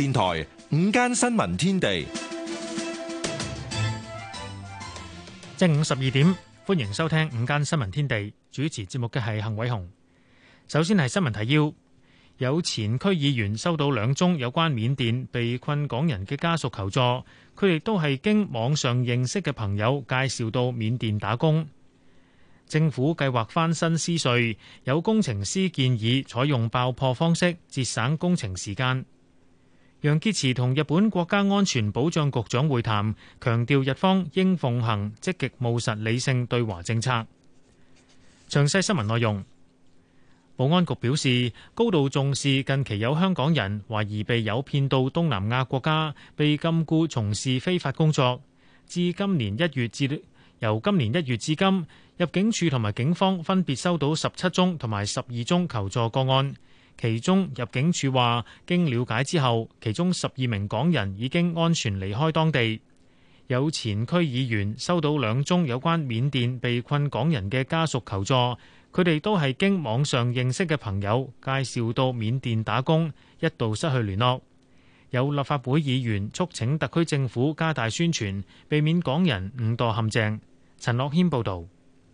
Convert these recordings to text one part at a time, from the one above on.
電台午間新聞天地，正午十二點，歡迎收聽午間新聞天地。主持節目嘅係幸偉雄。首先係新聞提要：有前區議員收到兩宗有關緬甸被困港人嘅家屬求助，佢哋都係經網上認識嘅朋友介紹到緬甸打工。政府計劃翻新獅隧，有工程師建議採用爆破方式節省工程時間。楊潔篪同日本國家安全保障局長會談，強調日方應奉行積極務實理性對華政策。詳細新聞內容，保安局表示高度重視近期有香港人懷疑被誘騙到東南亞國家被禁錮從事非法工作。自今年一月至由今年一月至今，入境處同埋警方分別收到十七宗同埋十二宗求助個案。其中入境處話，經了解之後，其中十二名港人已經安全離開當地。有前區議員收到兩宗有關緬甸被困港人嘅家屬求助，佢哋都係經網上認識嘅朋友介紹到緬甸打工，一度失去聯絡。有立法會議員促請特區政府加大宣傳，避免港人誤墮陷阱。陳樂軒報導。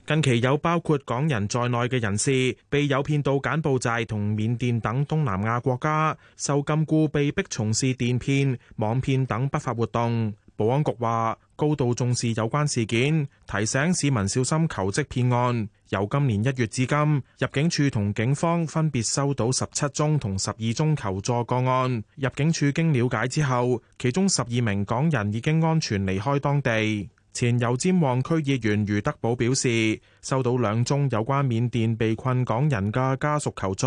近期有包括港人在內嘅人士被誘騙到柬埔寨同緬甸等東南亞國家，受禁錮被逼從事電騙、網騙等不法活動。保安局話，高度重視有關事件，提醒市民小心求職騙案。由今年一月至今，入境處同警方分別收到十七宗同十二宗求助個案。入境處經了解之後，其中十二名港人已經安全離開當地。前油尖旺區議員余德寶表示，收到兩宗有關緬甸被困港人嘅家屬求助，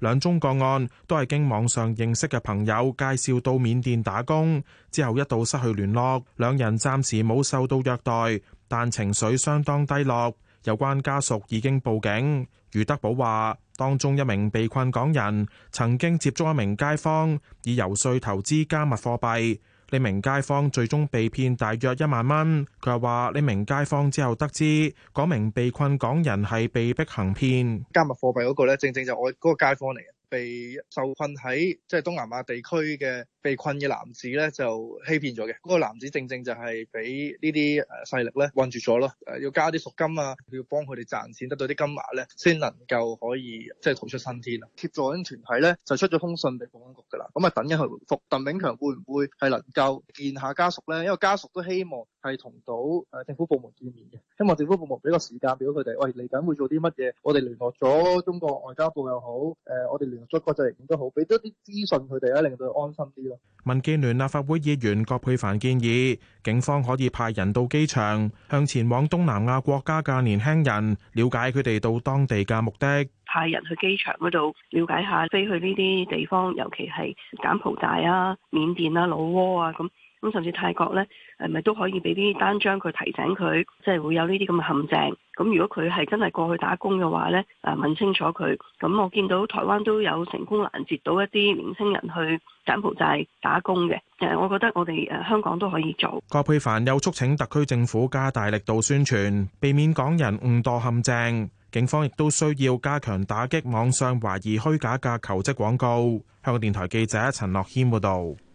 兩宗個案都係經網上認識嘅朋友介紹到緬甸打工，之後一度失去聯絡，兩人暫時冇受到虐待，但情緒相當低落。有關家屬已經報警。余德寶話，當中一名被困港人曾經接觸一名街坊，以遊說投資加密貨幣。呢名街坊最終被騙大約一萬蚊。佢話：呢名街坊之後得知，嗰名被困港人係被逼行騙，加密貨幣嗰個咧，正正就係我嗰個街坊嚟嘅，被受困喺即係東南亞地區嘅。被困嘅男子咧就欺騙咗嘅，嗰個男子正正就係俾呢啲誒勢力咧困住咗咯，誒要加啲贖金啊，要幫佢哋賺錢得到啲金額咧，先能夠可以即係逃出生天啊！協助緊團體咧就出咗通訊俾保安局噶啦，咁啊等一去，回覆，鄧炳強會唔會係能夠見下家屬咧？因為家屬都希望係同到誒政府部門見面嘅，希望政府部門俾個時間畀佢哋，喂嚟緊會做啲乜嘢？我哋聯絡咗中國外交部又好，誒我哋聯絡咗國際刑警都好，俾多啲資訊佢哋啊，令到佢安心啲。民建聯立法會議員葛珮帆建議，警方可以派人到機場，向前往東南亞國家嘅年輕人了解佢哋到當地嘅目的。派人去機場嗰度了解下，飛去呢啲地方，尤其係柬埔寨啊、緬甸啊、老撾啊咁。咁甚至泰國咧，係咪都可以俾啲單張佢提醒佢，即係會有呢啲咁嘅陷阱。咁如果佢係真係過去打工嘅話呢，啊問清楚佢。咁我見到台灣都有成功攔截到一啲年輕人去柬埔寨打工嘅。誒，我覺得我哋誒香港都可以做。郭佩凡又促請特區政府加大力度宣傳，避免港人誤墮陷阱。警方亦都需要加強打擊網上懷疑虛假嘅求職廣告。香港電台記者陳樂軒報道。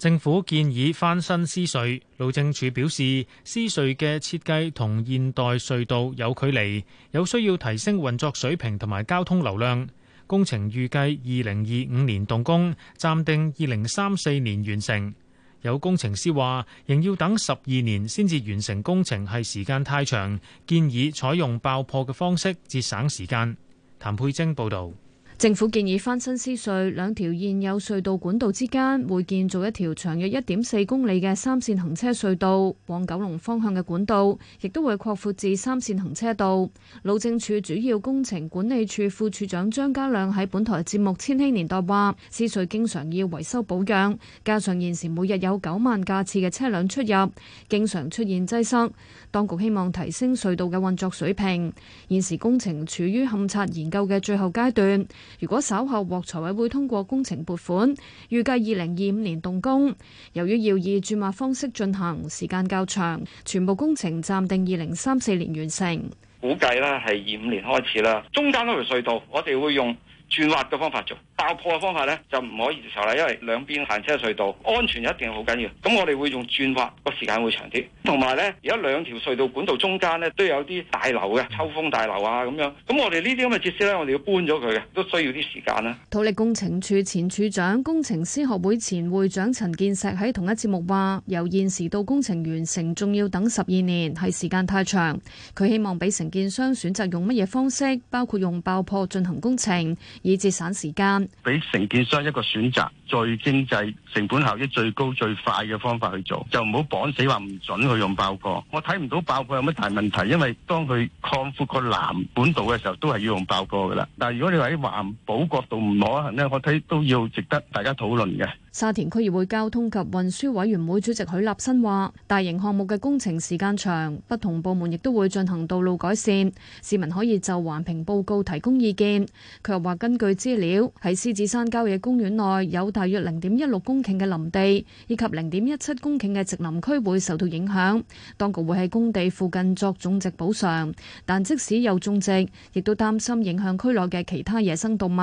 政府建議翻新獅隧，路政署表示獅隧嘅設計同現代隧道有距離，有需要提升運作水平同埋交通流量。工程預計二零二五年動工，暫定二零三四年完成。有工程師話，仍要等十二年先至完成工程係時間太長，建議採用爆破嘅方式節省時間。譚佩晶報導。政府建議翻新私隧，兩條現有隧道管道之間，會建造一條長約一點四公里嘅三線行車隧道，往九龍方向嘅管道亦都會擴闊至三線行車道。路政署主要工程管理處副處長張家亮喺本台節目《千禧年代》話：私隧經常要維修保養，加上現時每日有九萬架次嘅車輛出入，經常出現擠塞。當局希望提升隧道嘅運作水平。現時工程處於勘測研究嘅最後階段。如果稍後獲財委會通過工程撥款，預計二零二五年動工。由於要以注物方式進行，時間較長，全部工程暫定二零三四年完成。估計呢係二五年開始啦，中間嗰條隧道，我哋會用。鑽挖嘅方法，做爆破嘅方法呢，就唔可以接受啦，因為兩邊行車隧道安全一定好緊要。咁我哋會用鑽挖，個時間會長啲，同埋呢，而家兩條隧道管道中間呢，都有啲大樓嘅抽風大樓啊咁樣。咁、嗯、我哋呢啲咁嘅設施呢，我哋要搬咗佢嘅，都需要啲時間啦。土力工程處前處長、工程師學會前會長陳健碩喺同一節目話：由現時到工程完成，仲要等十二年，係時間太長。佢希望俾承建商選擇用乜嘢方式，包括用爆破進行工程。以節省時間，俾承建商一個選擇最經濟、成本效益最高、最快嘅方法去做，就唔好綁死話唔準去用爆破。我睇唔到爆破有乜大問題，因為當佢擴闊個南本道嘅時候，都係要用爆破㗎喇。但係如果你話喺環保角度唔可行咧，我睇都要值得大家討論嘅。沙田區議會交通及運輸委員會主席許立新話：大型項目嘅工程時間長，不同部門亦都會進行道路改善，市民可以就環評報告提供意見。佢又話：根據資料，喺獅子山郊野公園內有大約零點一六公頃嘅林地以及零點一七公頃嘅植林區會受到影響，當局會喺工地附近作種植補償，但即使有種植，亦都擔心影響區內嘅其他野生動物。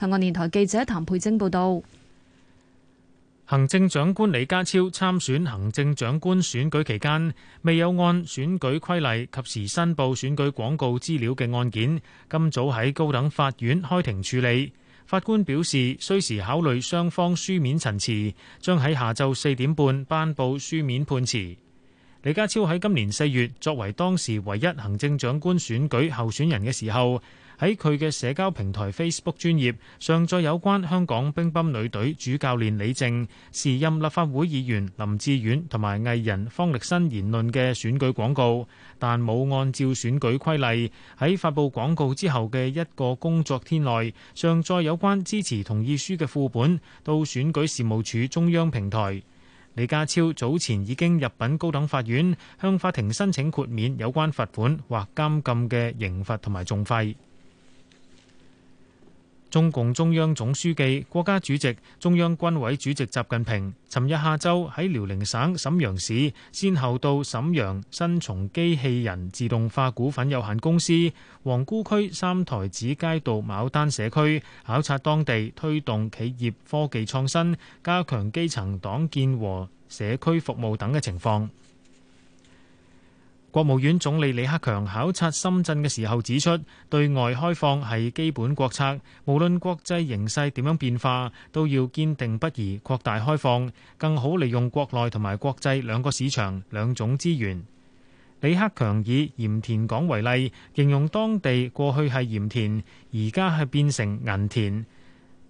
香港電台記者譚佩晶報導。行政長官李家超參選行政長官選舉期間，未有按選舉規例及時申報選舉廣告資料嘅案件，今早喺高等法院開庭處理。法官表示，需時考慮雙方書面陳詞，將喺下晝四點半頒布書面判詞。李家超喺今年四月作為當時唯一行政長官選舉候選人嘅時候。喺佢嘅社交平台 Facebook 專頁，上載有關香港乒乓女隊主教練李靜、時任立法會議員林志遠同埋藝人方力申言論嘅選舉廣告，但冇按照選舉規例喺發布廣告之後嘅一個工作天內，上載有關支持同意書嘅副本到選舉事務處中央平台。李家超早前已經入稟高等法院，向法庭申請豁免有關罰款或監禁嘅刑罰同埋訟費。中共中央總書記、國家主席、中央軍委主席習近平，尋日下晝喺遼寧省瀋陽市，先後到瀋陽新松機器人自動化股份有限公司、皇姑區三台子街道牡丹社區，考察當地推動企業科技創新、加強基層黨建和社區服務等嘅情況。國務院總理李克強考察深圳嘅時候指出，對外開放係基本國策，無論國際形勢點樣變化，都要堅定不移擴大開放，更好利用國內同埋國際兩個市場、兩種資源。李克強以鹽田港為例，形容當地過去係鹽田，而家係變成銀田，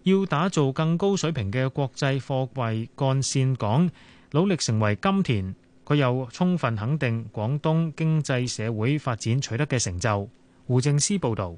要打造更高水平嘅國際貨櫃幹線港，努力成為金田。佢又充分肯定廣東經濟社會發展取得嘅成就。胡正思報道。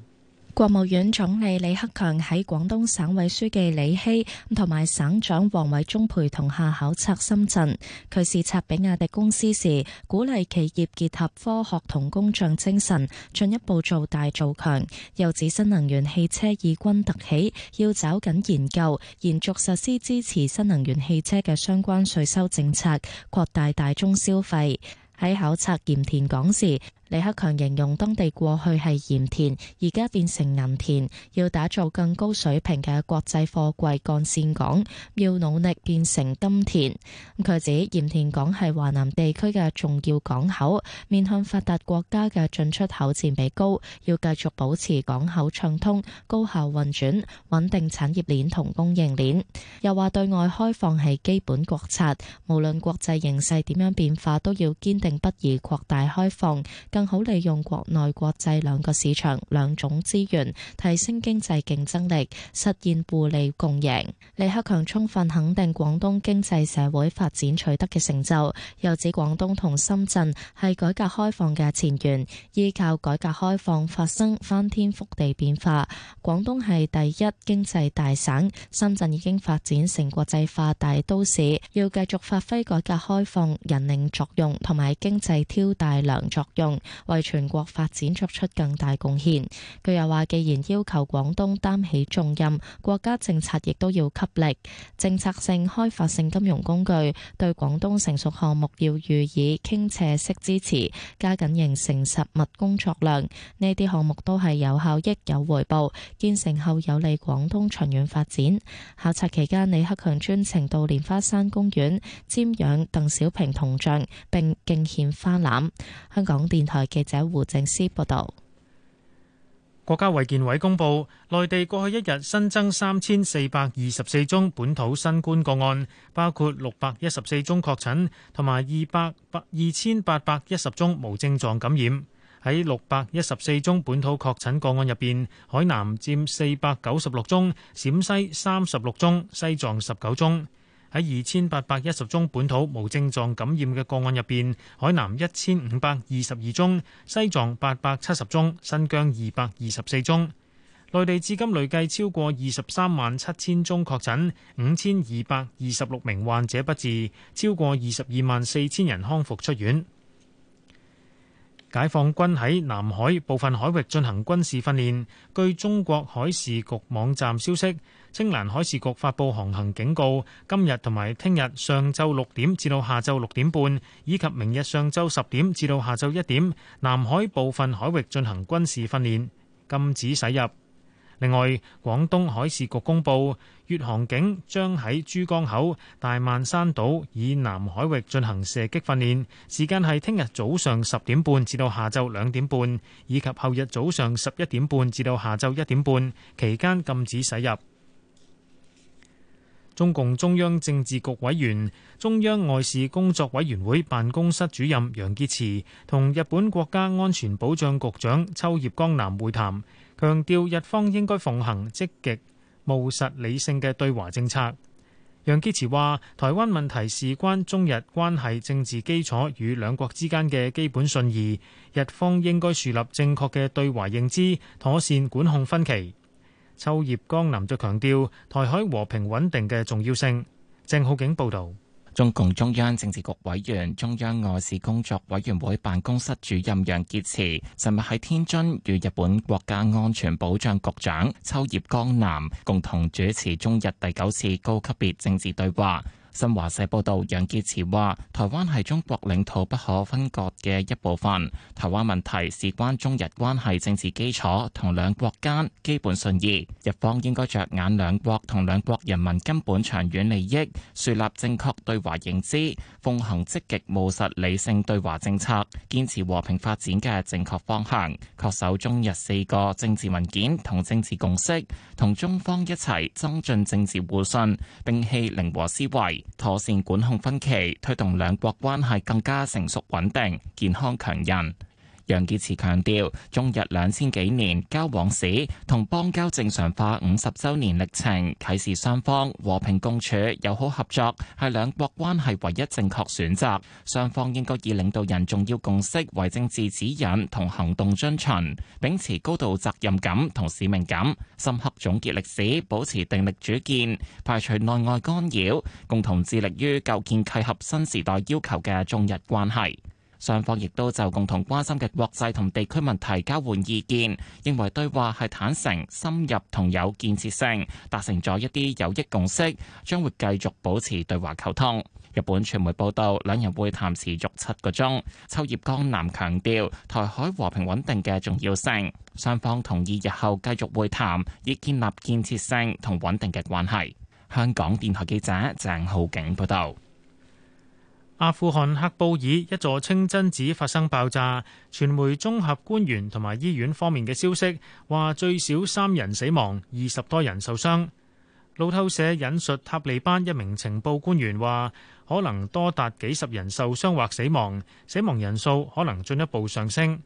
國務院總理李克強喺廣東省委書記李希、同埋省長王偉中陪同下考察深圳。佢視察比亞迪公司時，鼓勵企業結合科學同工匠精神，進一步做大做強。又指新能源汽車異軍突起，要抓緊研究，延續實施支持新能源汽車嘅相關稅收政策，擴大大宗消費。喺考察鹽田港時，李克強形容當地過去係鹽田，而家變成銀田，要打造更高水平嘅國際貨櫃幹線港，要努力變成金田。佢指鹽田港係華南地區嘅重要港口，面向發達國家嘅進出口佔比高，要繼續保持港口暢通、高效運轉、穩定產業鏈同供應鏈。又話對外開放係基本國策，無論國際形勢點樣變化，都要堅定不移擴大開放。更好利用國內國際兩個市場兩種資源，提升經濟競爭力，實現互利共贏。李克強充分肯定廣東經濟社會發展取得嘅成就，又指廣東同深圳係改革開放嘅前沿，依靠改革開放發生翻天覆地變化。廣東係第一經濟大省，深圳已經發展成國際化大都市，要繼續發揮改革開放引領作用同埋經濟挑大梁作用。為全國發展作出更大貢獻。佢又話：既然要求廣東擔起重任，國家政策亦都要給力。政策性、開發性金融工具對廣東成熟項目要予以傾斜式支持，加緊形成實物工作量。呢啲項目都係有效益、有回報，建成後有利廣東長遠發展。考察期間，李克強專程到蓮花山公園瞻仰鄧小平銅像並敬獻花籃。香港電台。記者胡正思報道，國家衛健委公布，內地過去一日新增三千四百二十四宗本土新冠個案，包括六百一十四宗確診，同埋二百八二千八百一十宗無症狀感染。喺六百一十四宗本土確診個案入邊，海南佔四百九十六宗，陝西三十六宗，西藏十九宗。喺二千八百一十宗本土無症狀感染嘅個案入邊，海南一千五百二十二宗，西藏八百七十宗，新疆二百二十四宗。內地至今累計超過二十三萬七千宗確診，五千二百二十六名患者不治，超過二十二萬四千人康復出院。解放軍喺南海部分海域進行軍事訓練。據中國海事局網站消息，青藍海事局發佈航行警告：今日同埋聽日上晝六點至到下晝六點半，以及明日上晝十點至到下晝一點，南海部分海域進行軍事訓練，禁止駛入。另外，廣東海事局公布，粵航警將喺珠江口大萬山島以南海域進行射擊訓練，時間係聽日早上十點半至到下晝兩點半，以及後日早上十一點半至到下晝一點半，期間禁止駛入。中共中央政治局委員、中央外事工作委員會辦公室主任楊潔篪同日本國家安全保障局長秋葉江南會談。強調日方應該奉行積極務實理性嘅對華政策。楊潔篪話：台灣問題事關中日關係政治基礎與兩國之間嘅基本信義，日方應該樹立正確嘅對華認知，妥善管控分歧。秋葉剛男就強調台海和平穩定嘅重要性。鄭浩景報導。中共中央政治局委員、中央外事工作委員會辦公室主任楊潔篪，尋日喺天津與日本國家安全保障局長秋葉剛男共同主持中日第九次高級別政治對話。新華社報道，楊潔篪話台灣係中國領土不可分割嘅一部分。台灣問題事關中日關係政治基礎同兩國間基本信義。日方應該着眼兩國同兩國人民根本長遠利益，樹立正確對華認知，奉行積極務實理性對華政策，堅持和平發展嘅正確方向，恪守中日四個政治文件同政治共識，同中方一齊增進政治互信，摒棄零和思維，妥善管控分歧，推動兩國關係更加成熟穩定、健康強韌。楊潔篪強調，中日兩千幾年交往史同邦交正常化五十週年歷程，啟示雙方和平共處、友好合作係兩國關係唯一正確選擇。雙方應該以領導人重要共識為政治指引同行動遵循，秉持高度責任感同使命感，深刻總結歷史，保持定力主見，排除內外干擾，共同致力於構建契合新時代要求嘅中日關係。雙方亦都就共同關心嘅國際同地區問題交換意見，認為對話係坦誠深入同有建設性，達成咗一啲有益共識，將會繼續保持對話溝通。日本傳媒報道，兩人會談持續七個鐘，秋葉江南強調台海和平穩定嘅重要性，雙方同意日後繼續會談，以建立建設性同穩定嘅關係，香港電台記者鄭浩景報道。阿富汗喀布爾一座清真寺發生爆炸，傳媒綜合官員同埋醫院方面嘅消息，話最少三人死亡，二十多人受傷。路透社引述塔利班一名情報官員話，可能多達幾十人受傷或死亡，死亡人數可能進一步上升。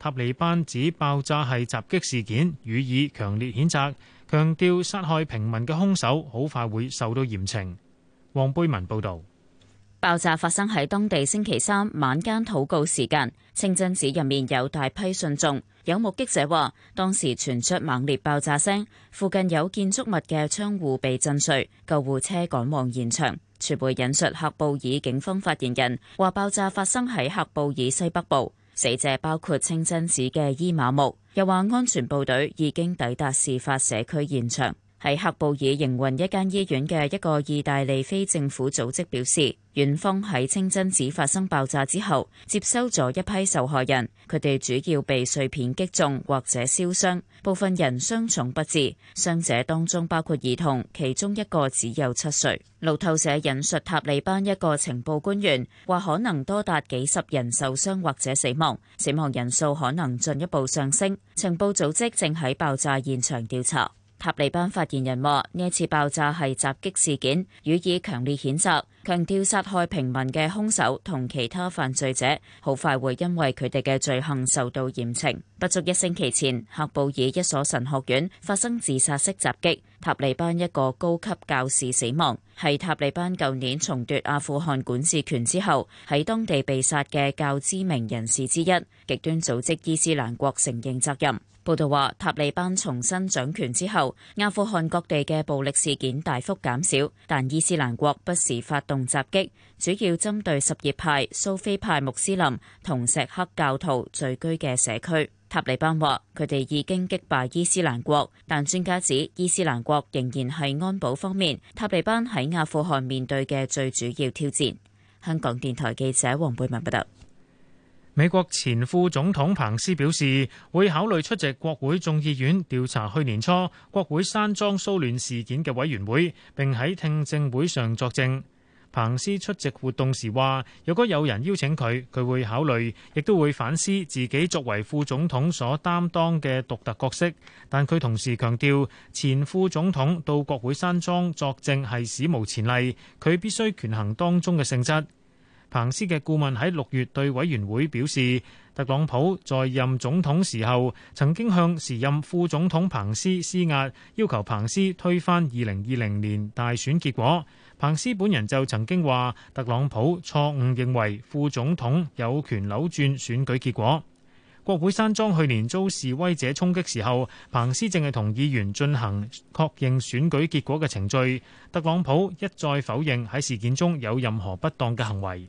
塔利班指爆炸係襲擊事件，予以強烈譴責，強調殺害平民嘅兇手好快會受到嚴懲。黃貝文報導。爆炸發生喺當地星期三晚間禱告時間，清真寺入面有大批信眾。有目擊者話，當時傳出猛烈爆炸聲，附近有建築物嘅窗戶被震碎，救護車趕往現場。傳媒引述喀布爾警方發言人話，爆炸發生喺喀布爾西北部，死者包括清真寺嘅伊瑪目。又話，安全部隊已經抵達事發社區現場。喺喀布爾營運一間醫院嘅一個意大利非政府組織表示，院方喺清真寺發生爆炸之後，接收咗一批受害人，佢哋主要被碎片擊中或者燒傷，部分人傷重不治。傷者當中包括兒童，其中一個只有七歲。路透社引述塔利班一個情報官員話，可能多達幾十人受傷或者死亡，死亡人數可能進一步上升。情報組織正喺爆炸現場調查。塔利班發言人話：呢次爆炸係襲擊事件，予以強烈譴責，強調殺害平民嘅凶手同其他犯罪者好快會因為佢哋嘅罪行受到嚴懲。不足一星期前，喀布爾一所神學院發生自殺式襲擊，塔利班一個高級教士死亡，係塔利班舊年重奪阿富汗管治權之後喺當地被殺嘅較知名人士之一。極端組織伊斯蘭國承認責任。報道話，塔利班重新掌權之後，阿富汗各地嘅暴力事件大幅減少，但伊斯蘭國不時發動襲擊，主要針對什葉派、蘇菲派穆斯林同錫克教徒聚居嘅社區。塔利班話佢哋已經擊敗伊斯蘭國，但專家指伊斯蘭國仍然係安保方面塔利班喺阿富汗面對嘅最主要挑戰。香港電台記者黃貝文報道。美國前副總統彭斯表示，會考慮出席國會眾議院調查去年初國會山莊騷亂事件嘅委員會，並喺聽證會上作證。彭斯出席活動時話，若果有人邀請佢，佢會考慮，亦都會反思自己作為副總統所擔當嘅獨特角色。但佢同時強調，前副總統到國會山莊作證係史無前例，佢必須權衡當中嘅性質。彭斯嘅顧問喺六月對委員會表示，特朗普在任總統時候曾經向時任副總統彭斯施壓，要求彭斯推翻二零二零年大選結果。彭斯本人就曾經話，特朗普錯誤認為副總統有權扭轉選舉結果。國會山莊去年遭示威者衝擊時候，彭斯正係同議員進行確認選舉結果嘅程序。特朗普一再否認喺事件中有任何不當嘅行為。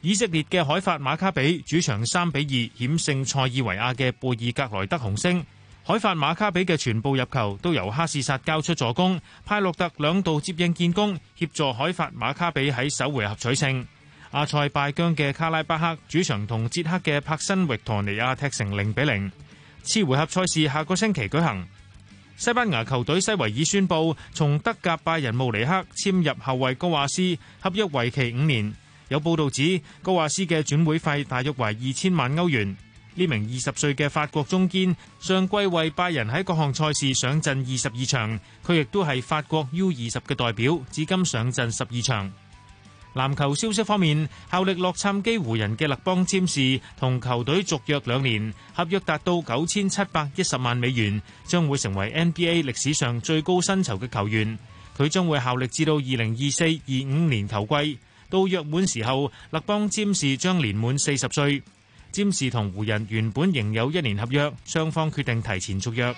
以色列嘅海法馬卡比主場三比二險勝塞爾維亞嘅貝爾格萊德紅星，海法馬卡比嘅全部入球都由哈士薩交出助攻，派洛特兩度接應建功，協助海法馬卡比喺首回合取勝。阿塞拜疆嘅卡拉巴克主場同捷克嘅柏辛域陀尼亞踢成零比零，次回合賽事下個星期舉行。西班牙球隊西維爾宣布從德甲拜仁慕尼克簽入後衛高華斯，合約為期五年。有報道指高華斯嘅轉會費大約為二千萬歐元。呢名二十歲嘅法國中堅上季為拜仁喺各項賽事上陣二十二場，佢亦都係法國 U 二十嘅代表，至今上陣十二場。籃球消息方面，效力洛杉磯湖，湖人嘅勒邦占士同球隊續約兩年，合約達到九千七百一十萬美元，將會成為 NBA 歷史上最高薪酬嘅球員。佢將會效力至到二零二四二五年球季。到約滿時候，勒邦占士將年滿四十歲。占士同湖人原本仍有一年合約，雙方決定提前續約。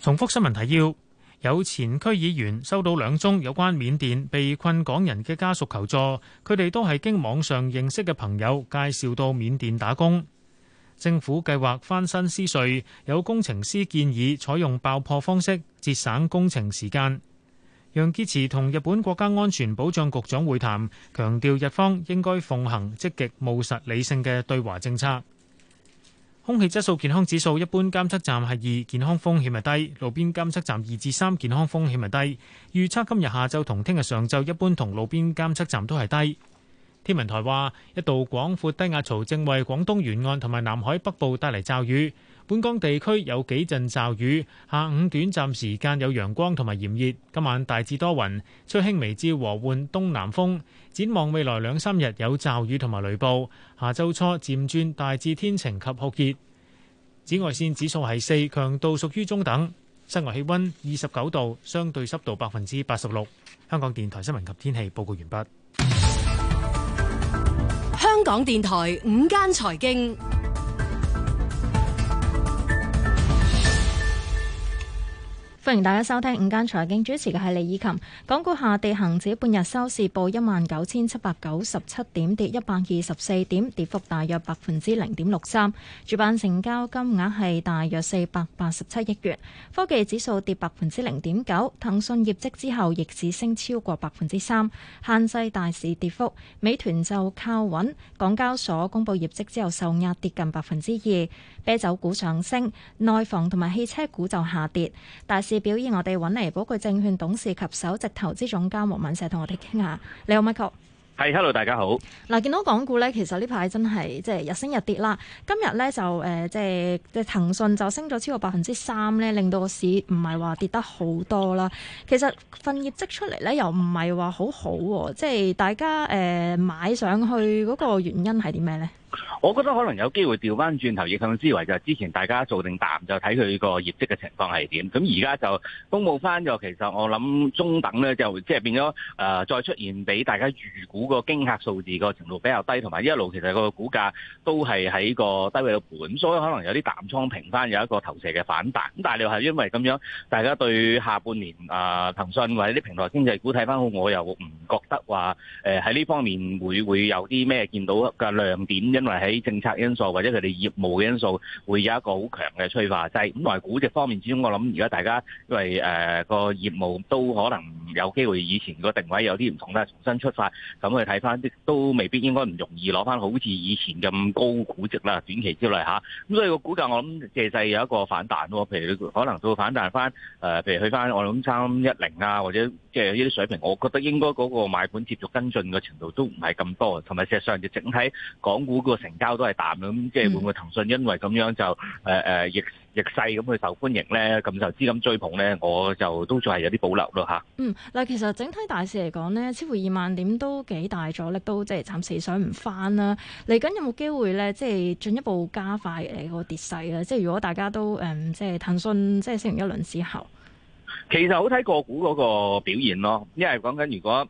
重複新聞提要：有前區議員收到兩宗有關緬甸被困港人嘅家屬求助，佢哋都係經網上認識嘅朋友介紹到緬甸打工。政府計劃翻新私墅，有工程師建議採用爆破方式節省工程時間。楊潔篪同日本國家安全保障局長會談，強調日方應該奉行積極務實理性嘅對華政策。空氣質素健康指數一般監測站係二，健康風險係低；路邊監測站二至三，健康風險係低。預測今日下晝同聽日上晝一般同路邊監測站都係低。天文台話，一道廣闊低壓槽正為廣東沿岸同埋南海北部帶嚟驟雨。本港地區有幾陣驟雨，下午短暫時間有陽光同埋炎熱。今晚大致多雲，吹輕微至和緩東南風。展望未來兩三日有驟雨同埋雷暴，下周初漸轉大致天晴及酷熱。紫外線指數係四，強度屬於中等。室外氣溫二十九度，相對濕度百分之八十六。香港電台新聞及天氣報告完畢。香港電台午間財經。歡迎大家收聽午間財經，主持嘅係李以琴。港股下跌，恒指半日收市報一萬九千七百九十七點，跌一百二十四點，跌幅大約百分之零點六三。主板成交金額係大約四百八十七億元。科技指數跌百分之零點九，騰訊業績之後逆市升超過百分之三，限制大市跌幅。美團就靠穩。港交所公布業績之後受壓，跌近百分之二。啤酒股上升，內房同埋汽車股就下跌。大市表現，我哋揾嚟寶钜證券董事及首席投資總監黃敏碩同我哋傾下。你好，Michael。係、hey，Hello，大家好。嗱，見到港股呢，其實呢排真係即係日升日跌啦。今日呢，就誒，即係即係騰訊就升咗超過百分之三呢，令到個市唔係話跌得好多啦。其實份業績出嚟呢，又唔係話好好，啊，即係大家誒、呃、買上去嗰個原因係啲咩呢？我覺得可能有機會調翻轉頭，逆向思維就係之前大家做定淡，就睇佢個業績嘅情況係點。咁而家就公佈翻，就其實我諗中等咧，就即係變咗誒再出現俾大家預估個驚嚇數字個程度比較低，同埋一路其實個股價都係喺個低位嘅盤。所以可能有啲淡倉平翻，有一個投射嘅反彈。咁但係你又係因為咁樣，大家對下半年誒、呃、騰訊或者啲平台經濟股睇翻好，我又唔覺得話誒喺呢方面會會有啲咩見到嘅亮點因為喺政策因素或者佢哋業務嘅因素，會有一個好強嘅催化劑。咁同埋估值方面，始終我諗而家大家因為誒個業務都可能有機會，以前個定位有啲唔同，都重新出發。咁去睇翻都未必應該唔容易攞翻好似以前咁高估值啦，短期之內吓。咁所以個股價我諗其實有一個反彈，譬如可能到反彈翻誒，譬如去翻我諗三一零啊，或者即係呢啲水平，我覺得應該嗰個買盤接續跟進嘅程度都唔係咁多，同埋事實上就整體港股。個成交都係淡咁，即係會唔會騰訊因為咁樣就誒誒、呃、逆逆勢咁去受歡迎咧？咁就資金追捧咧，我就都仲係有啲保留咯吓。嗯，嗱，其實整體大市嚟講咧，似乎二萬點都幾大咗，咧都即係暫時想唔翻啦。嚟緊有冇機會咧？即係進一步加快誒、嗰個跌勢咧？即係如果大家都誒、嗯，即係騰訊即係升完一輪之後，其實好睇個股嗰個表現咯。因為講緊如果。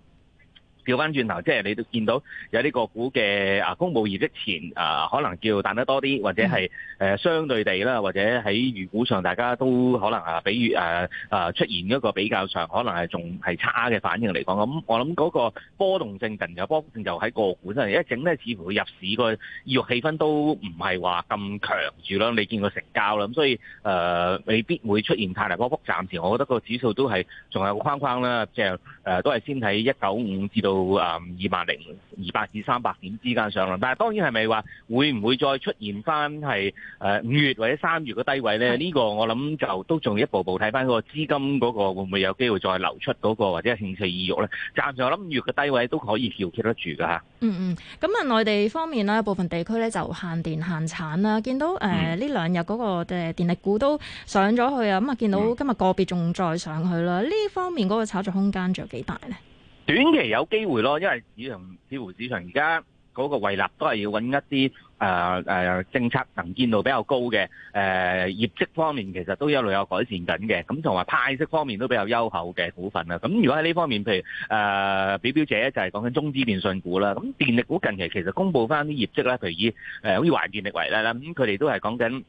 調翻轉頭，即係你都見到有啲個股嘅啊，公務業績前啊、呃，可能叫彈得多啲，或者係誒相對地啦，或者喺預估上大家都可能啊，比如誒啊出現一個比較上可能係仲係差嘅反應嚟講咁、嗯，我諗嗰個波動性同埋波幅性就喺個股身上，因整咧似乎入市、嗰個熱氣氛都唔係話咁強住啦，你見過成交啦，咁、嗯、所以誒、呃、未必會出現太大波幅。暫時我覺得個指數都係仲係框框啦、就是，即係誒都係先睇一九五至到。到誒二萬零二百至三百點之間上啦。但係當然係咪話會唔會再出現翻係誒五月或者三月嘅低位咧？呢個我諗就都仲一步步睇翻個資金嗰個會唔會有機會再流出嗰個或者係興趣意欲咧？暫時我諗五月嘅低位都可以調節得住噶。嗯嗯，咁啊，內地方面呢，部分地區咧、嗯、就限電限產啦。見到誒呢兩日嗰個誒電力股都上咗去啊。咁、嗯、啊，見到今日個別仲再上去啦。呢方面嗰個炒作空間仲有幾大咧？短期有機會咯，因為市場似乎市場而家嗰個維納都係要揾一啲誒誒政策能見度比較高嘅誒業績方面，其實都一路有改善緊嘅，咁同埋派息方面都比較優厚嘅股份啦。咁如果喺呢方面，譬如誒表表者就係講緊中資電信股啦，咁電力股近期其實公布翻啲業績咧，譬如以誒好似華電力為例啦，咁佢哋都係講緊。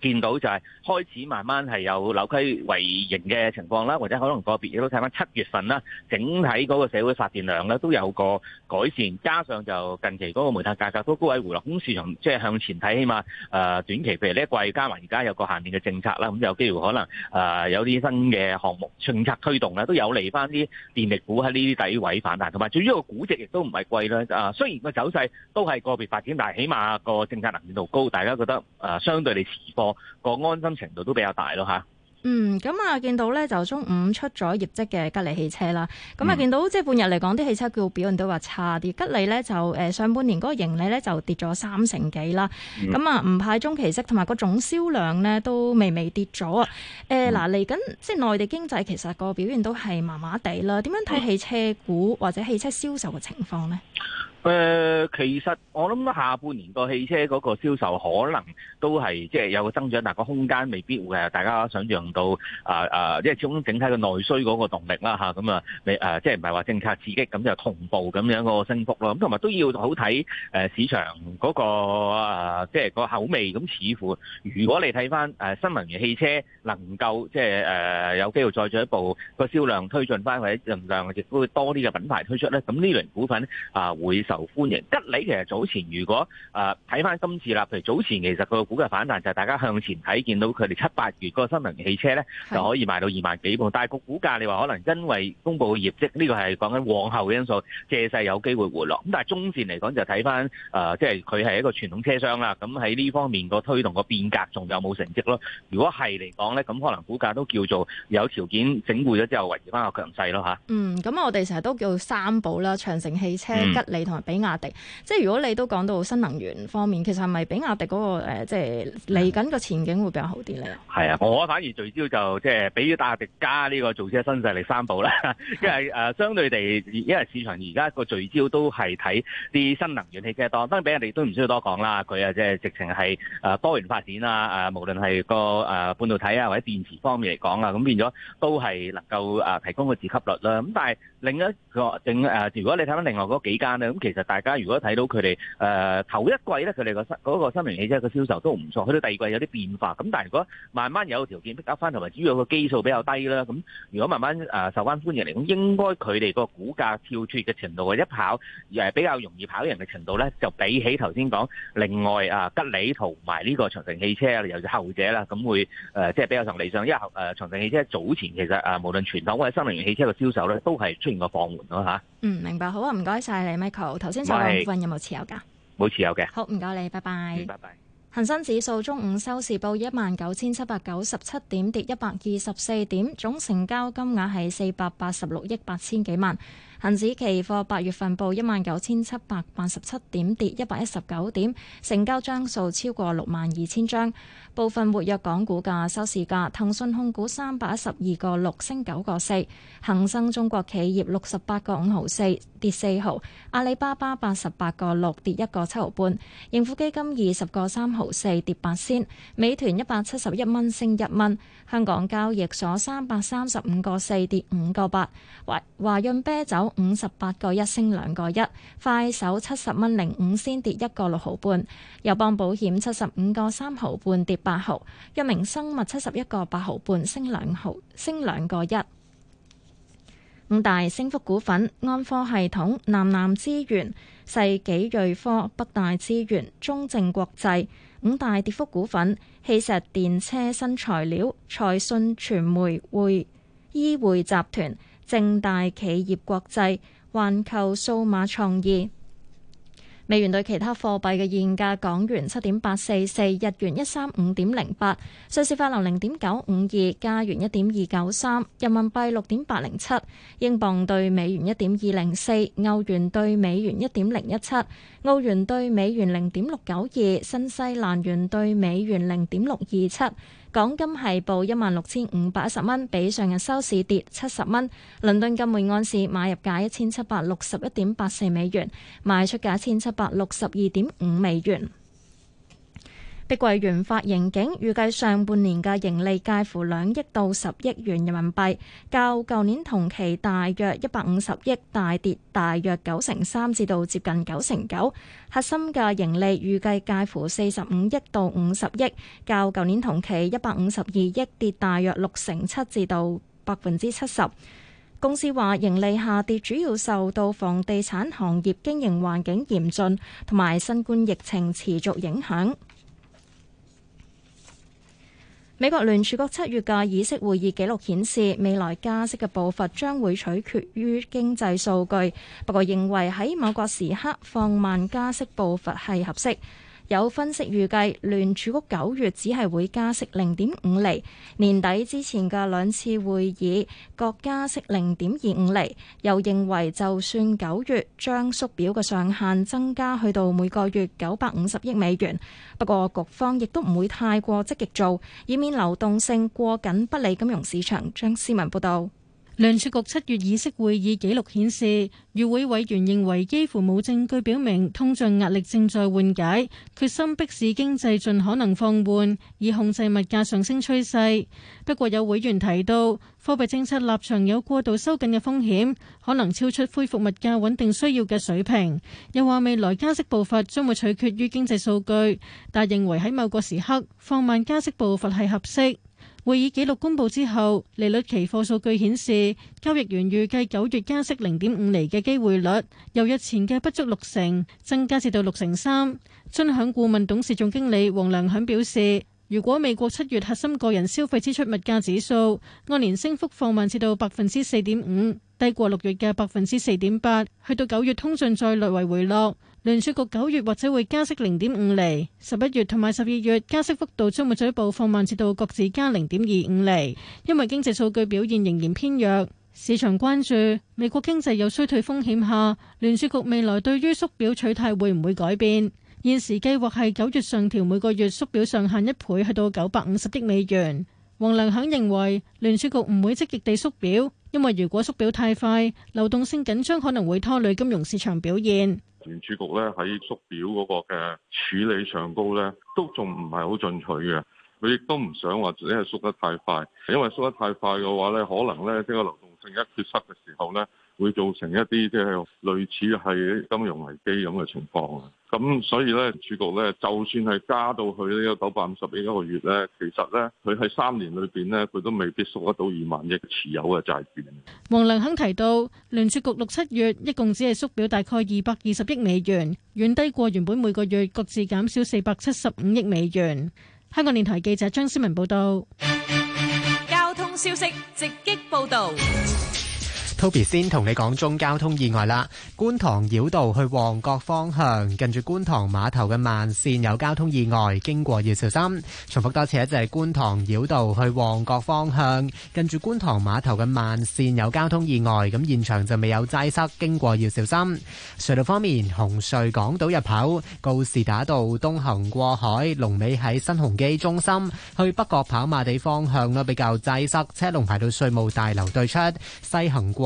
見到就係開始慢慢係有扭虧為盈嘅情況啦，或者可能個別亦都睇翻七月份啦，整體嗰個社會發電量咧都有個改善，加上就近期嗰個煤炭價格都高位回落，咁市場即係向前睇，起碼誒短期譬如呢一季，加埋而家有個限電嘅政策啦，咁有機會可能誒有啲新嘅項目政策推動咧，都有利翻啲電力股喺呢啲低位反彈，同埋最主要個估值亦都唔係貴啦。啊，雖然個走勢都係個別發展，但係起碼個政策能見度高，大家覺得誒相對嚟持貨。個安心程度都比較大咯，吓。嗯，咁啊，見到咧就中午出咗業績嘅吉利汽車啦。咁啊、嗯，見到即係半日嚟講，啲汽車股表現都話差啲。吉利咧就誒、呃，上半年嗰個盈利咧就跌咗三成幾啦。咁啊、嗯，唔派、嗯嗯、中期息，同埋個總銷量咧都微微跌咗、呃嗯、啊。誒，嗱，嚟緊即係內地經濟其實個表現都係麻麻地啦。點樣睇汽車股或者汽車銷售嘅情況呢？誒、呃，其實我諗下半年個汽車嗰個銷售可能都係即係有個增長，但個空間未必會係大家想象到。啊、呃、啊，即、呃、係始終整體嘅內需嗰個動力啦嚇。咁啊，未、呃、誒，即係唔係話政策刺激咁就同步咁樣個升幅咯。咁同埋都要好睇誒市場嗰、那個啊、呃，即係個口味。咁似乎如果你睇翻誒新能源汽車能夠即係誒、呃、有機會再進一步個銷量推進翻或者量亦都會多啲嘅品牌推出咧，咁呢輪股份啊會受。歡迎，吉利其實早前如果啊睇翻今次啦，譬如早前其實個股價反彈就係、是、大家向前睇見到佢哋七八月個新能源汽車咧，就可以賣到二萬幾部，但係個股價你話可能因為公布嘅業績呢、這個係講緊往後嘅因素，借勢有機會回落。咁但係中線嚟講就睇翻啊，即係佢係一個傳統車商啦，咁喺呢方面個推動個變革仲有冇成績咯？如果係嚟講咧，咁可能股價都叫做有條件整固咗之後維持翻個強勢咯吓。嗯，咁我哋成日都叫三寶啦，長城汽車、吉利同比亞迪，即係如果你都講到新能源方面，其實係咪比亞迪嗰、那個、呃、即係嚟緊個前景會比較好啲咧？係啊，我反而聚焦就即係比亞迪加呢個造車新勢力三步啦，的因為誒、呃、相對地，因為市場而家個聚焦都係睇啲新能源汽車多，當然比亞迪都唔需要多講啦。佢啊即係直情係誒多元發展啦，誒、啊、無論係個誒半導體啊或者電池方面嚟講啊，咁變咗都係能夠誒提供個自給率啦。咁但係。另一個，整誒，如果你睇翻另外嗰幾間咧，咁其實大家如果睇到佢哋誒頭一季咧，佢哋個新嗰個新能源汽車嘅銷售都唔錯，去到第二季有啲變化。咁但係如果慢慢有條件逼急翻，同埋主要個基數比較低啦，咁如果慢慢誒受翻歡迎嚟，咁應該佢哋個股價跳脱嘅程度嘅一跑誒比較容易跑贏嘅程度咧，就比起頭先講另外啊吉利同埋呢個長城汽車，尤其後者啦，咁會誒、呃、即係比較同理想，因為誒長城汽車早前其實誒無論傳統或者新能源汽車嘅銷售咧，都係出個放緩咯吓，嗯，明白好啊，唔該晒你，Michael。頭先上兩份有冇持有噶？冇持有嘅。好，唔該你,你，拜拜。嗯、拜拜。恒生指數中午收市報一萬九千七百九十七點，跌一百二十四點，總成交金額係四百八十六億八千幾萬。恒指期貨八月份報一萬九千七百八十七點，跌一百一十九點，成交張數超過六萬二千張。部分活躍港股價收市價：騰訊控股三百一十二個六升九個四，恒生中國企業六十八個五毫四跌四毫，阿里巴巴八十八個六跌一個七毫半，盈富基金二十個三毫四跌八仙，美團一百七十一蚊升一蚊，香港交易所三百三十五個四跌五個八，華華潤啤酒。五十八個一升兩個一，快手七十蚊零五先跌一個六毫半，友邦保險七十五個三毫半跌八毫，一名生物七十一個八毫半升兩毫升兩個一。五大升幅股份：安科系統、南南資源、世紀瑞科、北大資源、中正國際。五大跌幅股份：汽石電車、新材料、賽信傳媒、匯醫匯集團。正大企業國際、環球數碼創意。美元對其他貨幣嘅現價：港元七點八四四，日元一三五點零八，瑞士法郎零點九五二，加元一點二九三，人民幣六點八零七，英鎊對美元一點二零四，歐元對美元一點零一七，澳元對美元零點六九二，新西蘭元對美元零點六二七。港金係報一萬六千五百一十蚊，16, 10, 比上日收市跌七十蚊。倫敦金每安士買入價一千七百六十一點八四美元，賣出價一千七百六十二點五美元。碧桂園發盈警，預計上半年嘅盈利介乎兩億到十億元人民幣，較舊年同期大約一百五十億大跌，大約九成三至到接近九成九。核心嘅盈利預計介乎四十五億到五十億，較舊年同期一百五十二億跌大約六成七至到百分之七十。公司話盈利下跌主要受到房地產行業經營環境嚴峻同埋新冠疫情持續影響。美國聯儲局七月嘅議息會議紀錄顯示，未來加息嘅步伐將會取決於經濟數據。不過認為喺某個時刻放慢加息步伐係合適。有分析預計聯儲局九月只係會加息零點五厘。年底之前嘅兩次會議各加息零點二五厘，又認為就算九月將縮表嘅上限增加去到每個月九百五十億美元，不過局方亦都唔會太過積極做，以免流動性過緊不利金融市場。張思文報道。聯儲局七月議息會議記錄顯示，與會委員認為幾乎冇證據表明通脹壓力正在緩解，決心迫使經濟盡可能放緩，以控制物價上升趨勢。不過有委員提到，貨幣政策立場有過度收緊嘅風險，可能超出恢復物價穩定需要嘅水平。又話未來加息步伐將會取決於經濟數據，但認為喺某個時刻放慢加息步伐係合適。會議記錄公布之後，利率期貨數據顯示，交易員預計九月加息零點五厘嘅機會率由日前嘅不足六成增加至到六成三。尊享顧問董事總經理黃良響表示，如果美國七月核心個人消費支出物價指數按年升幅放慢至到百分之四點五，低過六月嘅百分之四點八，去到九月通脹再略為回落。聯儲局九月或者會加息零點五厘，十一月同埋十二月加息幅度將會進一步放慢，至到各自加零點二五厘，因為經濟數據表現仍然偏弱。市場關注美國經濟有衰退風險下，聯儲局未來對於縮表取態會唔會改變？現時計劃係九月上調每個月縮表上限一倍，去到九百五十億美元。王良肯認為聯儲局唔會積極地縮表，因為如果縮表太快，流動性緊張可能會拖累金融市場表現。聯儲局咧喺縮表嗰個嘅處理上高咧，都仲唔係好進取嘅。佢亦都唔想話自己係縮得太快，因為縮得太快嘅話咧，可能咧呢個流動性一缺失嘅時候咧。會造成一啲即係類似係金融危機咁嘅情況啊。咁所以咧，儲局咧就算係加到佢呢個九百五十億一個月咧，其實咧佢喺三年裏邊咧，佢都未必縮得到二萬億持有嘅債券。黃良肯提到，聯儲局六七月一共只係縮表大概二百二十億美元，遠低過原本每個月各自減少四百七十五億美元。香港電台記者張思文報道。交通消息直擊報道。Toby 先同你講中交通意外啦，觀塘繞道去旺角方向，近住觀塘碼頭嘅慢線有交通意外，經過要小心。重複多次啊，就係觀塘繞道去旺角方向，近住觀塘碼頭嘅慢線有交通意外，咁現場就未有擠塞，經過要小心。隧道方面，紅隧港島入口告士打道東行過海，龍尾喺新鴻基中心去北角跑馬地方向咧比較擠塞，車龍排到稅務大樓對出，西行過。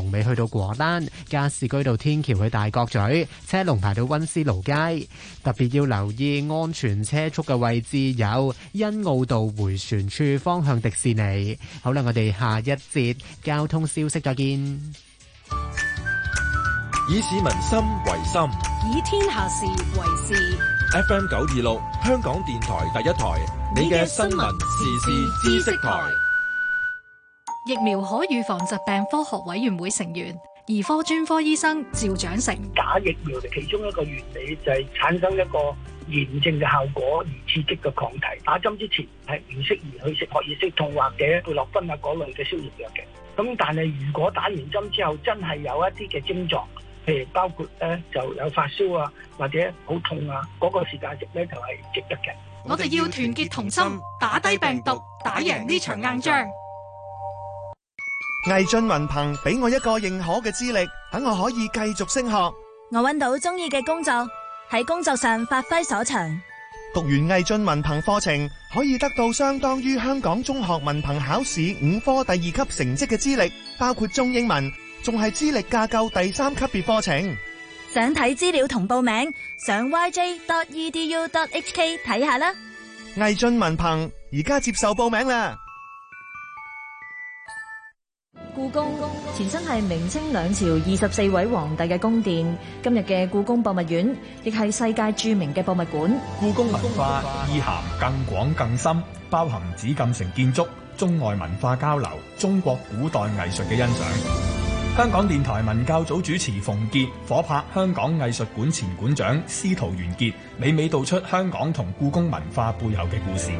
龍尾去到果欄，加士居道天橋去大角咀，車龍排到温思勞街。特別要留意安全車速嘅位置有欣澳道回旋處方向迪士尼。好啦，我哋下一節交通消息再見。以市民心為心，以天下事為事。FM 九二六，香港電台第一台，你嘅新聞時事知識台。疫苗可預防疾病科學委員會成員、兒科專科醫生趙長成，打疫苗嘅其中一個原理就係產生一個炎症嘅效果而刺激嘅抗體。打針之前係唔適宜去食撲熱息痛或者布洛芬啊嗰類嘅消炎藥嘅。咁但係如果打完針之後真係有一啲嘅症狀，譬如包括咧就有發燒啊或者好痛啊嗰、那個時間值咧就係、是、值得嘅。我哋要團結同心，打低病毒，打贏呢場硬仗。毅進文憑俾我一個認可嘅資歷，等我可以繼續升學。我揾到中意嘅工作，喺工作上發揮所長。讀完毅進文憑課程，可以得到相當於香港中學文憑考試五科第二級成績嘅資歷，包括中英文，仲係資歷架構第三級別課程。想睇資料同報名，上 yj.edu.hk 睇下啦。毅進文憑而家接受報名啦。故宮前身係明清兩朝二十四位皇帝嘅宮殿，今日嘅故宮博物院亦係世界著名嘅博物館。故宮文化意涵更廣更深，包含紫禁城建築、中外文化交流、中國古代藝術嘅欣賞。香港電台文教組主持馮杰，伙拍香港藝術館前館長司徒元傑，娓娓道出香港同故宮文化背後嘅故事。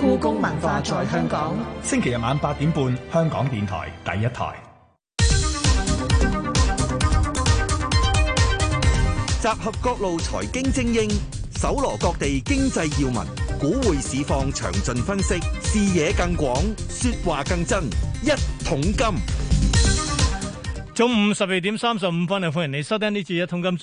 故宮文化在香港。星期日晚八點半，香港電台第一台，集合各路財經精英，搜羅各地經濟要聞，股匯市況詳盡分析，視野更廣，說話更真。一桶金。中午十二點三十五分，歡迎你收聽呢次一桶金。